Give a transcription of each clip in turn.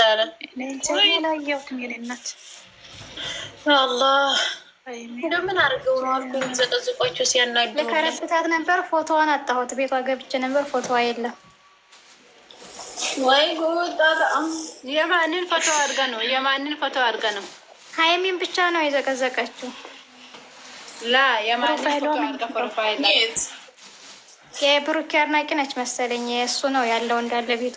እንደምን ልከረብታት ነበር። ፎቶዋን አጣሁት። ቤቷ ገብቼ ነበር። ፎቶዋ የለም። ወይ የማንን ፎቶ አድርገ ነው? የማንን ፎቶ አድርገ ነው? ሀይሚን ብቻ ነው የዘቀዘቀችው። ላ የማንን ፎቶ አድርገ ፕሮፋይል የብሩኪ አድናቂ ነች መሰለኝ። የእሱ ነው ያለው እንዳለ ቤቷ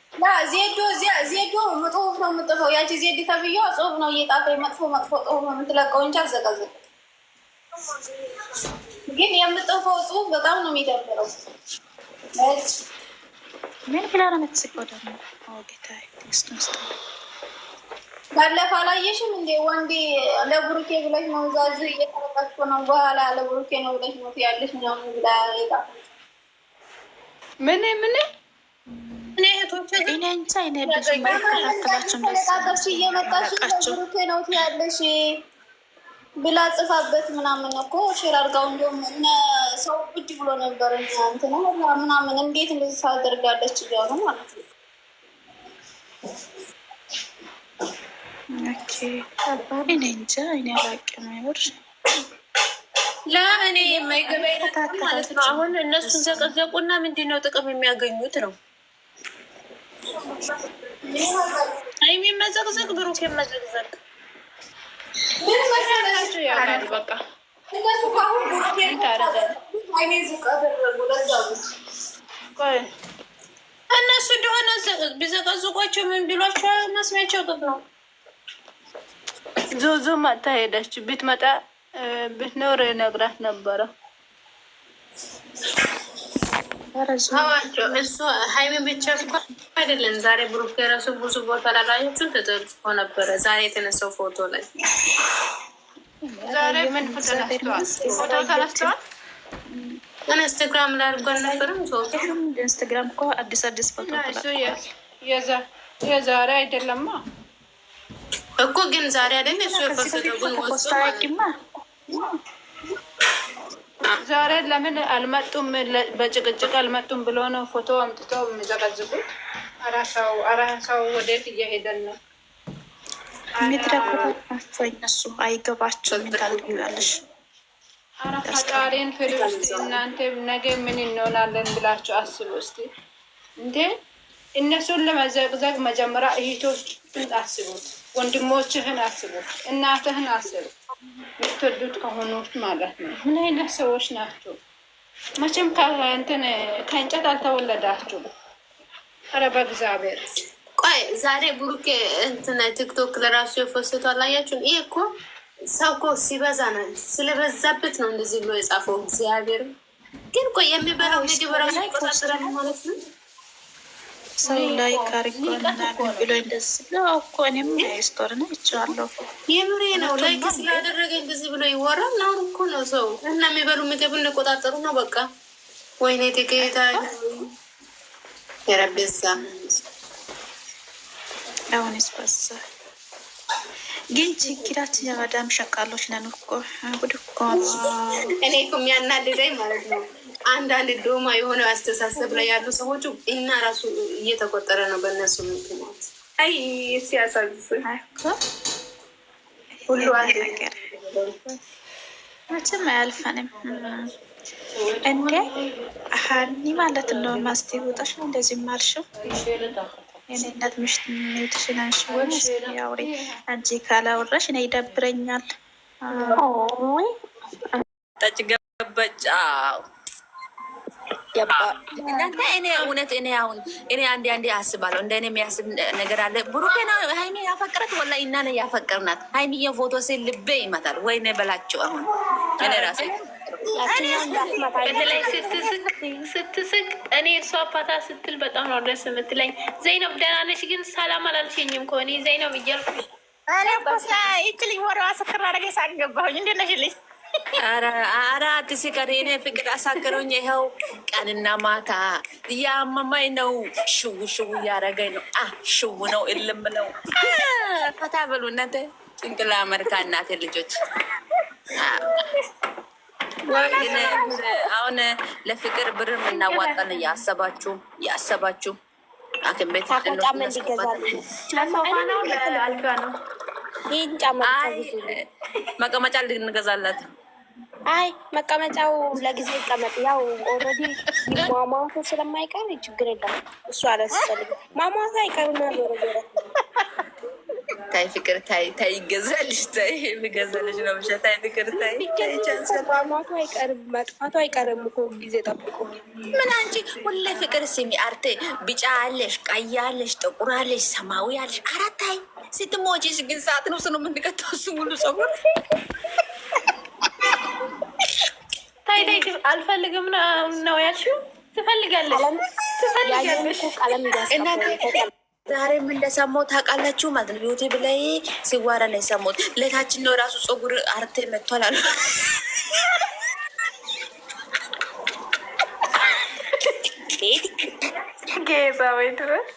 ዜዶ ዜዶ ነው የምጥፈው። ያቺ ዜድ ጽሁፍ ነው እየጣፈ መጥፎ መጥፎ ጽሁፍ ነው የምትለቀው እንጂ ግን የምጥፈው ጽሁፍ በጣም ነው የሚደብረው። ምን ብላ ነው የምትስቀው ደግሞ? ጌታ ባለፈ አላየሽም እንዴ? ወንዴ ለብሩኬ ብለሽ ነው ዛዝ ነው በኋላ ነው ብለሽ ነው ያለሽ ምናምን ብላ ምን ምን ያለሽ ብላ ጽፋበት ምናምን እኮ ሼር አድርጋው። እንዲሁም ሰው ብድ ብሎ ነበር እንትን ምናምን እንዴት እንደዚህ ሳደርጋለች እያሉ ማለት ነው። እኔ እንጃ እኔ አላውቅም። አይበር ለእኔ የማይገባ አይነት ማለት ነው። አሁን እነሱን ዘቀዘቁና ምንድን ነው ጥቅም የሚያገኙት ነው ሀይሚ መዘግዘግ፣ ብሩክ መዘግዘግ በቃ እነሱ እንደሆነ ቢዘቀዝቋቸው ምን ቢሏቸው መስሚያቸው ጥጥ ነው። ዞዞ መጥታ ሄደች። ብትመጣ ብትኖር ነግራት ነበረ። እሱ ሀይሚን ብቻ እንኳን አይደለም። ዛሬ ብሩክ የራሱ ብዙ ቦታ ላላያችሁን ተጠልፎ ነበረ። ዛሬ የተነሳው ፎቶ ላይ ዛሬ ምን ፎቶ ተነስተዋል። ኢንስታግራም ላይ አድርጎ አልነበረም። ኢንስታግራም እኮ አዲስ አዲስ ፎቶ የዛሬ አይደለማ እኮ ግን ዛሬ አይደለም እሱ የፈሰደጉን ወስቶ ማለት ዛሬ ለምን አልመጡም? በጭቅጭቅ አልመጡም ብሎ ነው ፎቶ አምጥቶ የሚዘቀዝቁት። አራሳው አራሳው ወዴት እየሄደን ነው? ምድረኮታቸው እነሱ አይገባቸውም። እንዳልኛለሽ ፈጣሪን ፍሪ ውስጥ እናንተ ነገ ምን እንሆናለን ብላችሁ አስቡ እስቲ። እንዴ እነሱን ለመዘቅዘቅ መጀመሪያ እህቶችን አስቡት። ወንድሞችህን አስቡ፣ እናትህን አስቡ። የምትወዱት ከሆኑት ማለት ነው። ምን አይነት ሰዎች ናቸው? መቼም እንትን ከእንጨት አልተወለዳችሁም። ኧረ በእግዚአብሔር ቆይ ዛሬ ብሩኬ እንትን ቲክቶክ ለራሱ የፈሰቱ አላያችሁም? ይህ እኮ ሰው እኮ ሲበዛ ነው ስለበዛበት ነው እንደዚህ ብሎ የጻፈው እግዚአብሔር። ግን ቆይ የሚበላው ምግብ ራሱ ይቆጣጠራል ማለት ነው ሰው ላይ የምሬ ነው። ላይክ ስላደረገ እንደዚህ ብሎ ይወራል። አሁን እኮ ነው ሰው እና የሚበሉ ምግብ እንቆጣጠሩ ነው በቃ። ወይኔ ቴጌታ የረቤዛ አሁን ስበሳ ግን ችግራችን የማዳም ሸቃሎች ነን እኮ እኔ እኮ የሚያናድደኝ ማለት ነው አንዳንድ ዶማ የሆነ አስተሳሰብ ላይ ያሉ ሰዎች እና ራሱ እየተቆጠረ ነው በእነሱ ምክንያት። አይ ሲያሳዝ ሁሉ አንድ መቼም አያልፈንም እንደ ሀኒ ማለት ነው። ማስቴ ውጠሽ ነው እንደዚህ ማልሽው የኔነት ምሽት ሚትሽናንሽ ወይ አንቺ ካላወራሽ እኔ ይደብረኛል። ጠጭ ገበጫው እናንተ እኔ እውነት እኔ አሁን እኔ አንዴ አንዴ አስባለሁ። እንደ እኔ የሚያስብ ነገር አለ። ብሩኬ ነው ሀይሚ ያፈቅረት ወላ እና ነው ያፈቅርናት። ሀይሚዬን ፎቶ ሴ ልቤ ይመታል። ወይኔ በላቸው። አሁን እኔ ራሴ በተለይ ስትስቅ እኔ እሷ አፓታ ስትል በጣም ነው ደስ የምትለኝ። ዘይነብ ደህና ነሽ? ግን ሰላም አላልሽኝም ከሆነ ዘይነብ እያልኩ እኔ እኮ ይችልኝ ወደዋ ስክር አደረገ ሳገባሁኝ እንደነሽልኝ ኧረ አትስቀሪ፣ እኔ ፍቅር አሳክሮኝ ይኸው ቀንና ማታ እያመማኝ ነው። ሽው ሽው እያረገኝ ነው። አ ሽው ነው፣ እልም ነው። ፈታ በሉ እናንተ ጭንቅላ መርካ እናቴ ልጆች። አሁን ለፍቅር ብር የምናዋጣን እያሰባችሁ እያሰባችሁ ሐኪም ቤት መቀመጫ ልንገዛላት አይ መቀመጫው ለጊዜ ይቀመጥ። ያው ኦልሬዲ ማሟቱ ስለማይቀር ችግር የለም። እሱ አላስፈልግም። ማሟቱ አይቀርም። ዞሮ ታይ ፍቅር ታይ ታይ ይገዛልሽ ታይ ይገዛልሽ ነው ብቻ ታይ ፍቅር ታይ ማሟቱ አይቀርም፣ መጥፋቱ አይቀርም እኮ ጊዜ ጠብቆ። ምን አንቺ ሁሌ ፍቅር ስሚ አርቴ ቢጫ አለሽ፣ ቀይ አለሽ፣ ጥቁር አለሽ፣ ሰማያዊ አለሽ። አራት አይ ስትሞጪ ግን ሰዓት ነው ስኖ የምንቀጣው እሱ ሙሉ ፀጉር አልፈልግም ነው ያልሽው? ትፈልጋለሽ ትፈልጋለሽ። ዛሬም እንደሰማሁት ታውቃላችሁ ማለት ነው። ዩቲብ ላይ ሲዋራ ነው የሰማሁት። ለታችን ነው ራሱ ፀጉር አርቴ መጥቷል አሉ። ጌታ ወይ ድረስ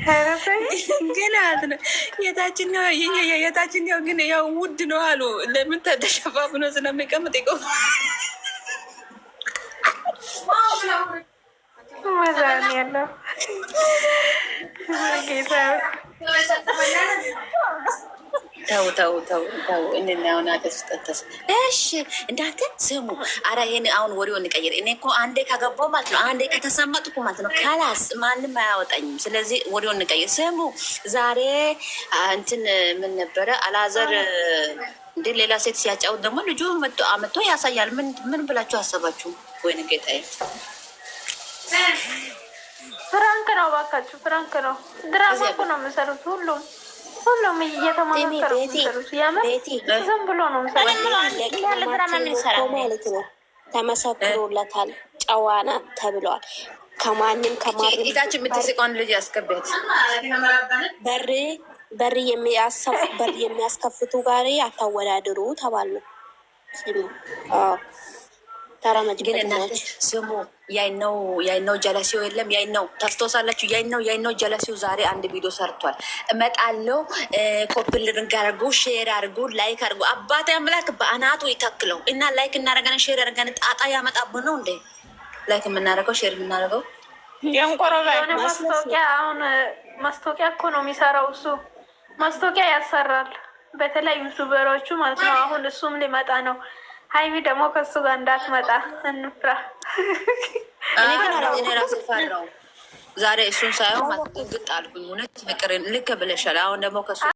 ግን አት ነው የታችኛው የታችኛው ግን ያው ውድ ነው አሉ። ለምን ተሸፋፍኖ ስለሚቀምጥ ይቆም ያለው ተው ተው ተው ተው። እሺ፣ እንዳንተ ስሙ። አረ ይሄን አሁን ወሬው እንቀይር። እኔ እኮ አንዴ ከገባው ማለት ነው፣ አንዴ ከተሰመጥኩ ማለት ነው፣ ከላስ ማንም አያወጣኝም። ስለዚህ ወሬው እንቀይር። ስሙ፣ ዛሬ እንትን ምን ነበረ አላዘር ሌላ ሴት ሲያጫውት ደግሞ ልጁ መጥቶ አመጥቶ ያሳያል። ምን ምን ብላችሁ አሰባችሁ? ወይን ጌታዬ፣ ፍራንክ ነው ባካችሁ፣ ፍራንክ ነው። ድራማ እኮ ነው መሰረቱ ሁሉም ሁሉም እየተመካከሩ ዝም ብሎ ነው ተመሰክሮለታል። ጨዋና ተብሏል። ከማንም ከማታች የምትስቀውን ልጅ ያስገቢያት በር በር የሚያስከፍቱ ጋር አታወዳድሩ ተባሉ። ግን እናት ስሙ ያይነው ያይነው ጀለሲው የለም ያይነው ታስታውሳላችሁ? ያይነው ያይነው ጀለሲው ዛሬ አንድ ቪዲዮ ሰርቷል። እመጣለው ኮፕል ርንግ ሼር አርጉ ላይክ አርጉ አባት አምላክ በአናቱ ይተክለው እና ላይክ እናደረገን ሼር ያደረገን ጣጣ ያመጣብን ነው እንዴ? ላይክ የምናደርገው ሼር የምናደርገው የሆነ ማስታወቂያ አሁን ማስታወቂያ እኮ ነው የሚሰራው እሱ ማስታወቂያ ያሰራል። በተለያዩ ዩቱበሮቹ ማለት ነው። አሁን እሱም ሊመጣ ነው ሀይሚ ደግሞ ከሱ ጋር እንዳትመጣ እንፍራ። እኔ ራሴ ፈራው ዛሬ እሱን ሳይሆን ግጥ አልኩኝ። እውነት ፍቅር ልክ ብለሻል። አሁን ደግሞ ከሱ